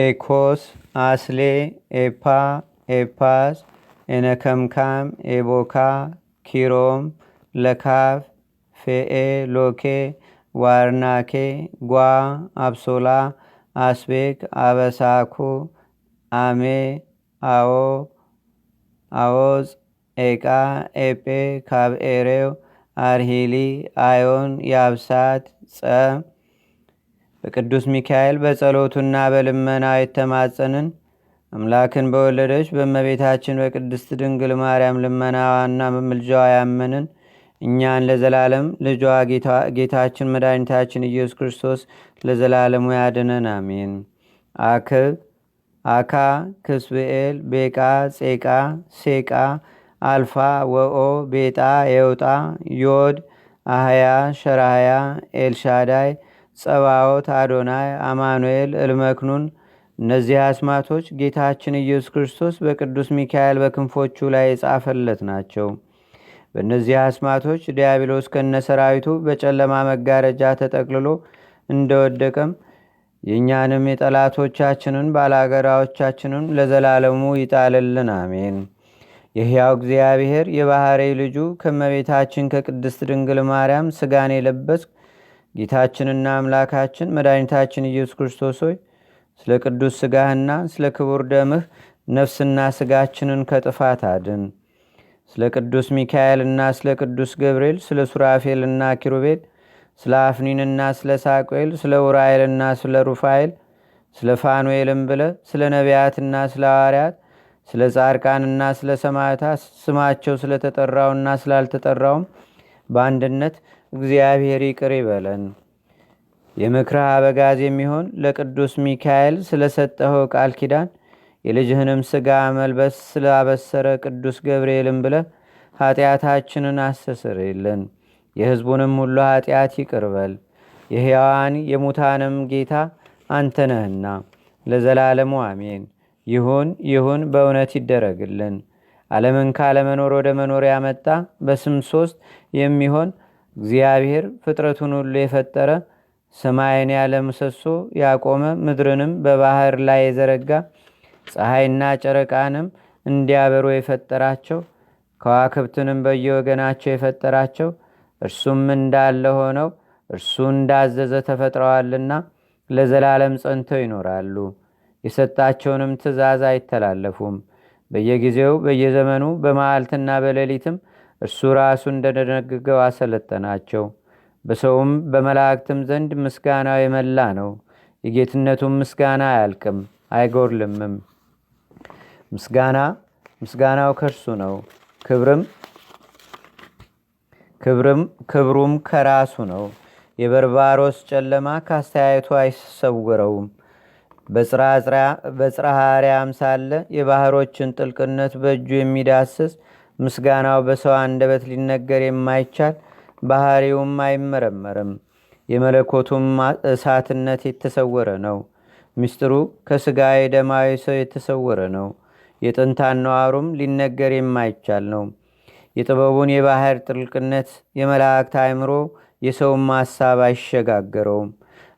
एखोस आसले एफा एफास एनखमखाम एबोखा खिरोम लखाफ फेए लोखे वारनाखे ग्वा अबसोला आस्बेक आवसाखो आमे आओ आओज एका एपे खाब एरेव आरहिली आयोन याबसात सा በቅዱስ ሚካኤል በጸሎቱና በልመና የተማጸንን አምላክን በወለደች በእመቤታችን በቅድስት ድንግል ማርያም ልመናዋና በምልጃዋ ያመንን እኛን ለዘላለም ልጇ ጌታችን መድኃኒታችን ኢየሱስ ክርስቶስ ለዘላለሙ ያድነን፣ አሜን። አክብ አካ ክስብኤል ቤቃ ጼቃ ሴቃ አልፋ ወኦ ቤጣ የውጣ ዮድ አህያ ሸራህያ ኤልሻዳይ ጸባዖት አዶናይ፣ አማኑኤል፣ እልመክኑን እነዚህ አስማቶች ጌታችን ኢየሱስ ክርስቶስ በቅዱስ ሚካኤል በክንፎቹ ላይ የጻፈለት ናቸው። በእነዚህ አስማቶች ዲያብሎስ ከነሰራዊቱ በጨለማ መጋረጃ ተጠቅልሎ እንደወደቀም የእኛንም የጠላቶቻችንን ባላገራዎቻችንን ለዘላለሙ ይጣልልን፣ አሜን። የሕያው እግዚአብሔር የባሕርይ ልጁ ከመቤታችን ከቅድስት ድንግል ማርያም ሥጋን የለበስክ ጌታችንና አምላካችን መድኃኒታችን ኢየሱስ ክርስቶስ ሆይ ስለ ቅዱስ ስጋህና ስለ ክቡር ደምህ ነፍስና ስጋችንን ከጥፋት አድን። ስለ ቅዱስ ሚካኤልና ስለ ቅዱስ ገብርኤል፣ ስለ ሱራፌልና ኪሩቤል፣ ስለ አፍኒንና ስለ ሳቁኤል፣ ስለ ውራኤልና ስለ ሩፋኤል፣ ስለ ፋኑኤልም ብለ ስለ ነቢያትና ስለ ሐዋርያት፣ ስለ ጻድቃንና ስለ ሰማዕታት ስማቸው ስለተጠራውና ስላልተጠራውም በአንድነት እግዚአብሔር ይቅር ይበለን። የምክርህ አበጋዝ የሚሆን ለቅዱስ ሚካኤል ስለሰጠኸው ቃል ኪዳን የልጅህንም ሥጋ መልበስ ስላበሰረ ቅዱስ ገብርኤልም ብለ ኃጢአታችንን አስተሰርይልን። የሕዝቡንም ሁሉ ኃጢአት ይቅርበል። የሕያዋን የሙታንም ጌታ አንተ ነህና ለዘላለሙ አሜን። ይሁን ይሁን፣ በእውነት ይደረግልን። ዓለምን ካለመኖር ወደ መኖር ያመጣ በስም ሶስት የሚሆን እግዚአብሔር ፍጥረቱን ሁሉ የፈጠረ ሰማይን ያለ ምሰሶ ያቆመ ምድርንም በባህር ላይ የዘረጋ ፀሐይና ጨረቃንም እንዲያበሩ የፈጠራቸው ከዋክብትንም በየወገናቸው የፈጠራቸው እርሱም እንዳለ ሆነው እርሱ እንዳዘዘ ተፈጥረዋልና ለዘላለም ጸንተው ይኖራሉ። የሰጣቸውንም ትእዛዝ አይተላለፉም። በየጊዜው በየዘመኑ በማዓልትና በሌሊትም እርሱ ራሱ እንደደነግገው አሰለጠናቸው። በሰውም በመላእክትም ዘንድ ምስጋናው የመላ ነው። የጌትነቱም ምስጋና አያልቅም አይጎርልምም። ምስጋና ምስጋናው ከእርሱ ነው። ክብርም ክብርም ክብሩም ከራሱ ነው። የበርባሮስ ጨለማ ካስተያየቱ አይሰውረውም። በጽርሐ ሳለ የባህሮችን ጥልቅነት በእጁ የሚዳስስ ምስጋናው በሰው አንደበት ሊነገር የማይቻል ባህሪውም አይመረመርም። የመለኮቱም እሳትነት የተሰወረ ነው። ምስጢሩ ከሥጋ የደማዊ ሰው የተሰወረ ነው። የጥንት ነዋሩም ሊነገር የማይቻል ነው። የጥበቡን የባህር ጥልቅነት የመላእክት አይምሮ የሰውም ሐሳብ አይሸጋገረውም።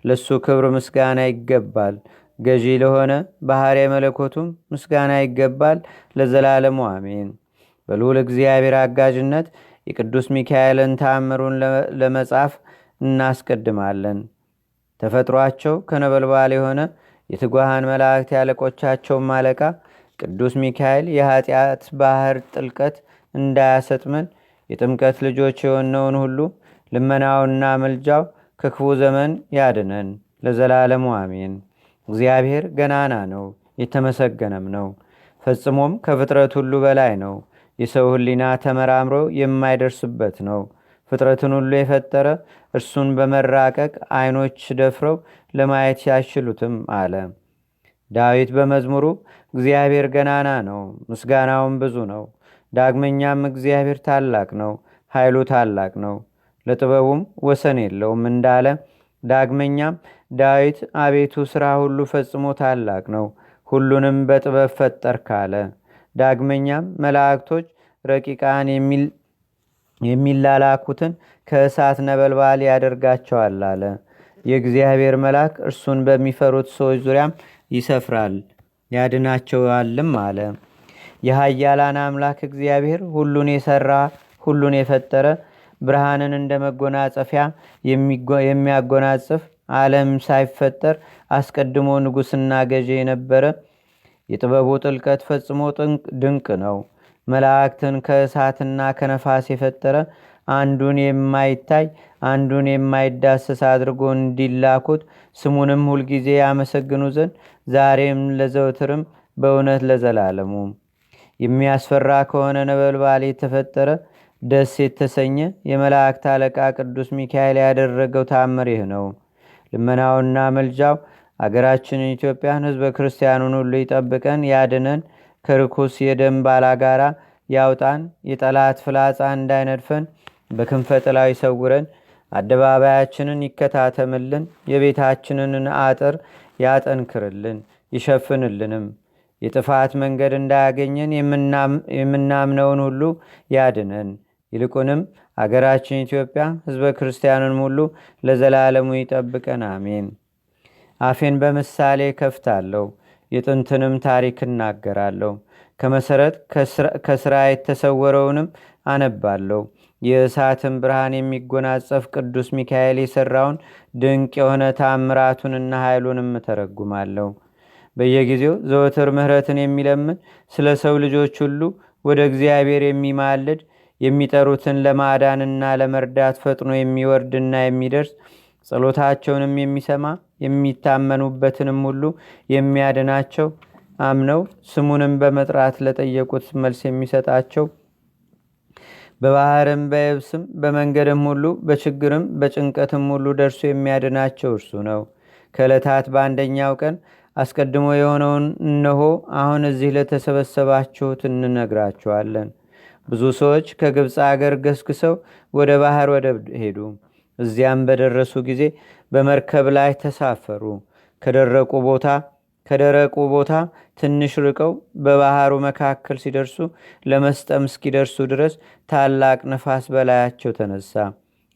ለሱ ክብር ምስጋና ይገባል። ገዢ ለሆነ ባህር መለኮቱም ምስጋና ይገባል ለዘላለሙ አሜን። በልዑል እግዚአብሔር አጋዥነት የቅዱስ ሚካኤልን ተአምሩን ለመጻፍ እናስቀድማለን። ተፈጥሯቸው ከነበልባል የሆነ የትጓሃን መላእክት ያለቆቻቸው አለቃ ቅዱስ ሚካኤል የኃጢአት ባህር ጥልቀት እንዳያሰጥመን የጥምቀት ልጆች የሆነውን ሁሉ ልመናውና ምልጃው ከክፉ ዘመን ያድነን ለዘላለሙ አሜን። እግዚአብሔር ገናና ነው፣ የተመሰገነም ነው፣ ፈጽሞም ከፍጥረት ሁሉ በላይ ነው። የሰው ህሊና ተመራምሮ የማይደርስበት ነው። ፍጥረትን ሁሉ የፈጠረ እርሱን በመራቀቅ አይኖች ደፍረው ለማየት ያችሉትም አለ። ዳዊት በመዝሙሩ እግዚአብሔር ገናና ነው፣ ምስጋናውም ብዙ ነው። ዳግመኛም እግዚአብሔር ታላቅ ነው፣ ኃይሉ ታላቅ ነው፣ ለጥበቡም ወሰን የለውም እንዳለ ዳግመኛም ዳዊት አቤቱ ሥራ ሁሉ ፈጽሞ ታላቅ ነው፣ ሁሉንም በጥበብ ፈጠር ካለ ዳግመኛም መላእክቶች ረቂቃን የሚላላኩትን ከእሳት ነበልባል ያደርጋቸዋል አለ። የእግዚአብሔር መልአክ እርሱን በሚፈሩት ሰዎች ዙሪያም ይሰፍራል ያድናቸዋልም አለ። የሀያላን አምላክ እግዚአብሔር ሁሉን የሰራ ሁሉን የፈጠረ ብርሃንን እንደ መጎናጸፊያ የሚያጎናጽፍ አለም ሳይፈጠር አስቀድሞ ንጉሥና ገዢ የነበረ የጥበቡ ጥልቀት ፈጽሞ ድንቅ ነው። መላእክትን ከእሳትና ከነፋስ የፈጠረ አንዱን የማይታይ አንዱን የማይዳሰስ አድርጎ እንዲላኩት ስሙንም ሁልጊዜ ያመሰግኑ ዘንድ ዛሬም ለዘውትርም በእውነት ለዘላለሙ የሚያስፈራ ከሆነ ነበልባል የተፈጠረ ደስ የተሰኘ የመላእክት አለቃ ቅዱስ ሚካኤል ያደረገው ታምር ይህ ነው። ልመናውና መልጃው አገራችንን ኢትዮጵያን ህዝበ ክርስቲያኑን ሁሉ ይጠብቀን ያድነን ከርኩስ የደም ጋራ ያውጣን የጠላት ፍላጻ እንዳይነድፈን በክንፈ ጥላው ይሰውረን አደባባያችንን ይከታተምልን የቤታችንን አጥር ያጠንክርልን ይሸፍንልንም የጥፋት መንገድ እንዳያገኘን የምናምነውን ሁሉ ያድነን ይልቁንም አገራችን ኢትዮጵያ ህዝበ ክርስቲያንን ሁሉ ለዘላለሙ ይጠብቀን አሜን አፌን በምሳሌ ከፍታለሁ፣ የጥንትንም ታሪክ እናገራለሁ። ከመሰረት ከስራ የተሰወረውንም አነባለሁ። የእሳትን ብርሃን የሚጎናጸፍ ቅዱስ ሚካኤል የሠራውን ድንቅ የሆነ ታምራቱንና ኃይሉንም እተረጉማለሁ። በየጊዜው ዘወትር ምህረትን የሚለምን ስለ ሰው ልጆች ሁሉ ወደ እግዚአብሔር የሚማልድ የሚጠሩትን ለማዳንና ለመርዳት ፈጥኖ የሚወርድና የሚደርስ ጸሎታቸውንም የሚሰማ የሚታመኑበትንም ሁሉ የሚያድናቸው አምነው ስሙንም በመጥራት ለጠየቁት መልስ የሚሰጣቸው በባህርም በየብስም በመንገድም ሁሉ በችግርም በጭንቀትም ሁሉ ደርሶ የሚያድናቸው እርሱ ነው ከእለታት በአንደኛው ቀን አስቀድሞ የሆነውን እነሆ አሁን እዚህ ለተሰበሰባችሁት እንነግራችኋለን ብዙ ሰዎች ከግብፅ አገር ገስግሰው ወደ ባህር ወደብ ሄዱ እዚያም በደረሱ ጊዜ በመርከብ ላይ ተሳፈሩ። ከደረቁ ቦታ ከደረቁ ቦታ ትንሽ ርቀው በባህሩ መካከል ሲደርሱ ለመስጠም እስኪደርሱ ድረስ ታላቅ ነፋስ በላያቸው ተነሳ።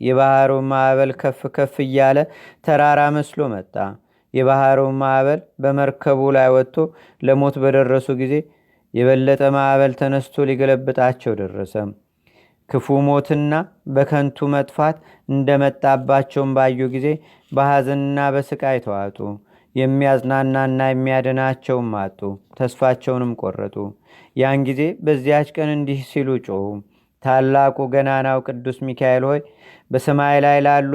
የባህሩ ማዕበል ከፍ ከፍ እያለ ተራራ መስሎ መጣ። የባህሩ ማዕበል በመርከቡ ላይ ወጥቶ ለሞት በደረሱ ጊዜ የበለጠ ማዕበል ተነስቶ ሊገለብጣቸው ደረሰ። ክፉ ሞትና በከንቱ መጥፋት እንደመጣባቸውም ባዩ ጊዜ በሐዘንና በስቃይ ተዋጡ። የሚያዝናናና የሚያድናቸውም አጡ። ተስፋቸውንም ቆረጡ። ያን ጊዜ በዚያች ቀን እንዲህ ሲሉ ጮሁ ታላቁ ገናናው ቅዱስ ሚካኤል ሆይ በሰማይ ላይ ላሉ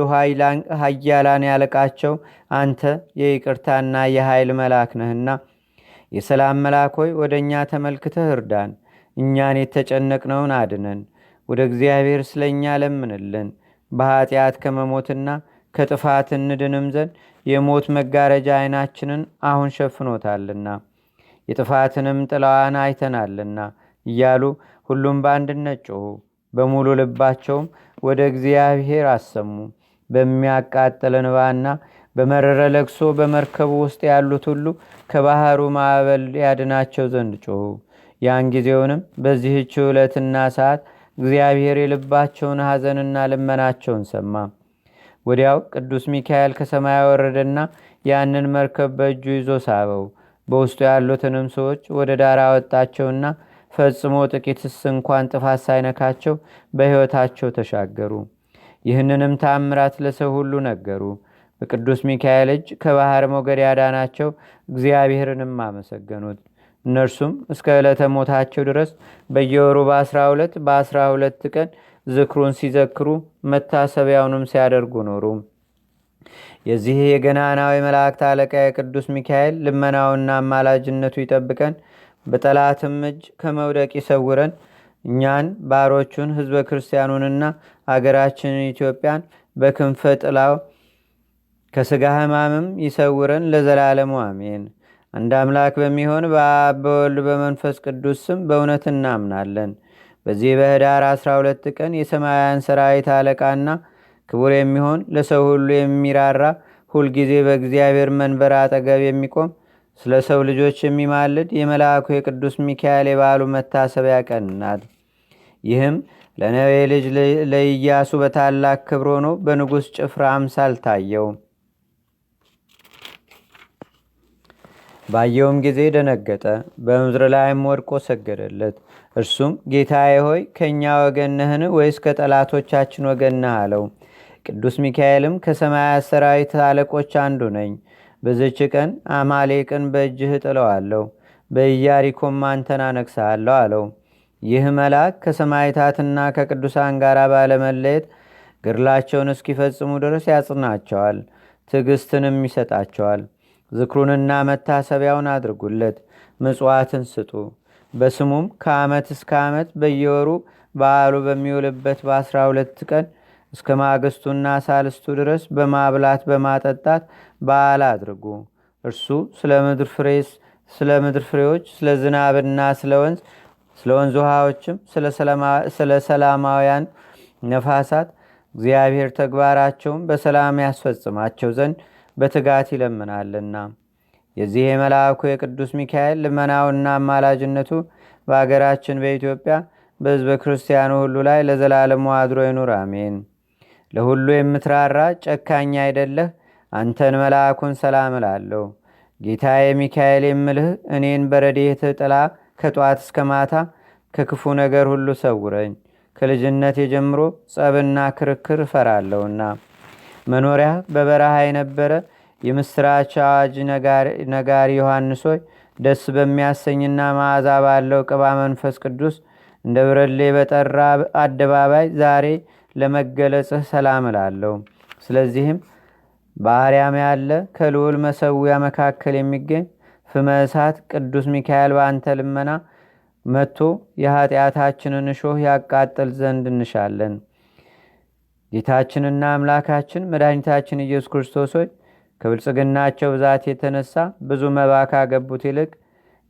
ሀያላን ያለቃቸው አንተ የይቅርታና የኃይል መልአክ ነህና የሰላም መልአክ ሆይ ወደ እኛ ተመልክተህ እርዳን፣ እኛን የተጨነቅነውን አድነን ወደ እግዚአብሔር ስለ እኛ ለምንልን በኃጢአት ከመሞትና ከጥፋት እንድንም ዘንድ የሞት መጋረጃ አይናችንን አሁን ሸፍኖታልና የጥፋትንም ጥላዋን አይተናልና እያሉ ሁሉም በአንድነት ጮሁ በሙሉ ልባቸውም ወደ እግዚአብሔር አሰሙ። በሚያቃጥል ንባና በመረረ ለግሶ በመርከቡ ውስጥ ያሉት ሁሉ ከባህሩ ማዕበል ያድናቸው ዘንድ ጮሁ ያን ጊዜውንም በዚህች ዕለትና ሰዓት እግዚአብሔር የልባቸውን ሐዘንና ልመናቸውን ሰማ። ወዲያው ቅዱስ ሚካኤል ከሰማይ ወረደና ያንን መርከብ በእጁ ይዞ ሳበው። በውስጡ ያሉትንም ሰዎች ወደ ዳር አወጣቸውና ፈጽሞ ጥቂትስ እንኳን ጥፋት ሳይነካቸው በሕይወታቸው ተሻገሩ። ይህንንም ታምራት ለሰው ሁሉ ነገሩ። በቅዱስ ሚካኤል እጅ ከባሕር ሞገድ ያዳናቸው እግዚአብሔርንም አመሰገኑት። እነርሱም እስከ ዕለተ ሞታቸው ድረስ በየወሩ በ12 በ12 ቀን ዝክሩን ሲዘክሩ መታሰቢያውንም ሲያደርጉ ኖሩ። የዚህ የገናናዊ መላእክት አለቃ የቅዱስ ሚካኤል ልመናውና አማላጅነቱ ይጠብቀን፣ በጠላትም እጅ ከመውደቅ ይሰውረን። እኛን ባሮቹን ህዝበ ክርስቲያኑንና አገራችንን ኢትዮጵያን በክንፈ ጥላው ከስጋ ህማምም ይሰውረን። ለዘላለሙ አሜን። አንድ አምላክ በሚሆን በአብ በወልድ በመንፈስ ቅዱስ ስም በእውነት እናምናለን። በዚህ በህዳር 12 ቀን የሰማያን ሰራዊት አለቃና ክቡር የሚሆን ለሰው ሁሉ የሚራራ ሁልጊዜ በእግዚአብሔር መንበር አጠገብ የሚቆም ስለ ሰው ልጆች የሚማልድ የመልአኩ የቅዱስ ሚካኤል የበዓሉ መታሰቢያ ቀን ናት። ይህም ለነዌ ልጅ ለኢያሱ በታላቅ ክብር ሆኖ በንጉሥ ጭፍራ አምሳል ታየውም። ባየውም ጊዜ ደነገጠ፣ በምድር ላይም ወድቆ ሰገደለት። እርሱም ጌታዬ ሆይ ከእኛ ወገን ወይስ ከጠላቶቻችን ወገንህ አለው። ቅዱስ ሚካኤልም ከሰማያት ሰራዊት አለቆች አንዱ ነኝ፣ በዘች ቀን አማሌቅን በእጅህ እጥለዋለሁ፣ በኢያሪኮም አንተን አነግሣሃለሁ አለው። ይህ መልአክ ከሰማይታትና ከቅዱሳን ጋር ባለመለየት ግርላቸውን እስኪፈጽሙ ድረስ ያጽናቸዋል፣ ትዕግስትንም ይሰጣቸዋል። ዝክሩንና መታሰቢያውን አድርጉለት፣ ምጽዋትን ስጡ። በስሙም ከዓመት እስከ ዓመት በየወሩ በዓሉ በሚውልበት በአስራ ሁለት ቀን እስከ ማግስቱና ሳልስቱ ድረስ በማብላት በማጠጣት በዓል አድርጉ። እርሱ ስለ ምድር ፍሬስ ስለ ምድር ፍሬዎች፣ ስለ ዝናብና ስለ ወንዝ ስለ ወንዝ ውሃዎችም ስለ ሰላማውያን ነፋሳት እግዚአብሔር ተግባራቸውን በሰላም ያስፈጽማቸው ዘንድ በትጋት ይለምናልና የዚህ የመልአኩ የቅዱስ ሚካኤል ልመናውና አማላጅነቱ በአገራችን በኢትዮጵያ በሕዝበ ክርስቲያኑ ሁሉ ላይ ለዘላለሙ አድሮ ይኑር፣ አሜን። ለሁሉ የምትራራ ጨካኝ አይደለህ፣ አንተን መልአኩን ሰላም እላለሁ። ጌታዬ ሚካኤል የምልህ እኔን በረድኤትህ ጥላ ከጧት እስከ ማታ ከክፉ ነገር ሁሉ ሰውረኝ። ከልጅነት የጀምሮ ጸብና ክርክር እፈራለሁና መኖሪያ በበረሃ የነበረ የምስራች አዋጅ ነጋሪ ዮሐንስ ሆይ ደስ በሚያሰኝና መዓዛ ባለው ቅባ መንፈስ ቅዱስ እንደ ብረሌ በጠራ አደባባይ ዛሬ ለመገለጽህ ሰላም እላለሁ። ስለዚህም ባህርያም ያለ ከልውል መሰዊያ መካከል የሚገኝ ፍመ እሳት ቅዱስ ሚካኤል በአንተ ልመና መጥቶ የኃጢአታችንን እሾህ ያቃጥል ዘንድ እንሻለን። ጌታችንና አምላካችን መድኃኒታችን ኢየሱስ ክርስቶስ ሆይ ከብልጽግናቸው ብዛት የተነሳ ብዙ መባ ካገቡት ይልቅ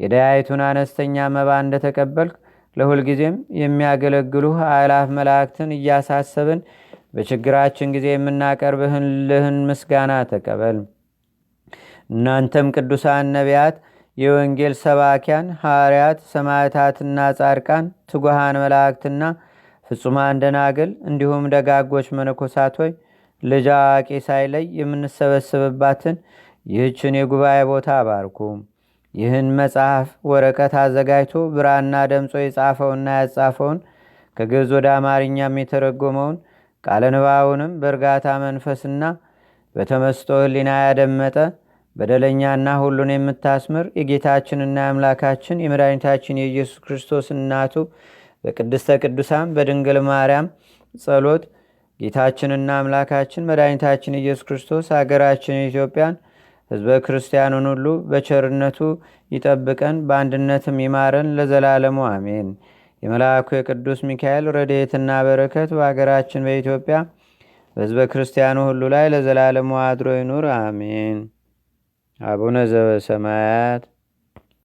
የደያይቱን አነስተኛ መባ እንደተቀበልክ ለሁልጊዜም የሚያገለግሉህ አእላፍ መላእክትን እያሳሰብን በችግራችን ጊዜ የምናቀርብህን ልህን ምስጋና ተቀበል። እናንተም ቅዱሳን ነቢያት፣ የወንጌል ሰባኪያን ሐዋርያት፣ ሰማዕታትና ጻድቃን፣ ትጉሃን መላእክትና ፍጹማን ደናግል እንዲሁም ደጋጎች መነኮሳት ሆይ ልጅ አዋቂ ሳይለይ የምንሰበስብባትን ይህችን የጉባኤ ቦታ አባርኩ። ይህን መጽሐፍ ወረቀት አዘጋጅቶ ብራና ደምጾ የጻፈውና ያጻፈውን ከግዕዝ ወደ አማርኛም የተረጎመውን ቃለ ንባውንም በእርጋታ መንፈስና በተመስጦ ህሊና ያደመጠ በደለኛና ሁሉን የምታስምር የጌታችንና የአምላካችን የመድኃኒታችን የኢየሱስ ክርስቶስ እናቱ በቅድስተ ቅዱሳን በድንግል ማርያም ጸሎት ጌታችንና አምላካችን መድኃኒታችን ኢየሱስ ክርስቶስ ሀገራችን ኢትዮጵያን ህዝበ ክርስቲያኑን ሁሉ በቸርነቱ ይጠብቀን፣ በአንድነትም ይማረን ለዘላለሙ አሜን። የመልአኩ የቅዱስ ሚካኤል ረድኤትና በረከት በሀገራችን በኢትዮጵያ በህዝበ ክርስቲያኑ ሁሉ ላይ ለዘላለሙ አድሮ ይኑር አሜን። አቡነ ዘበሰማያት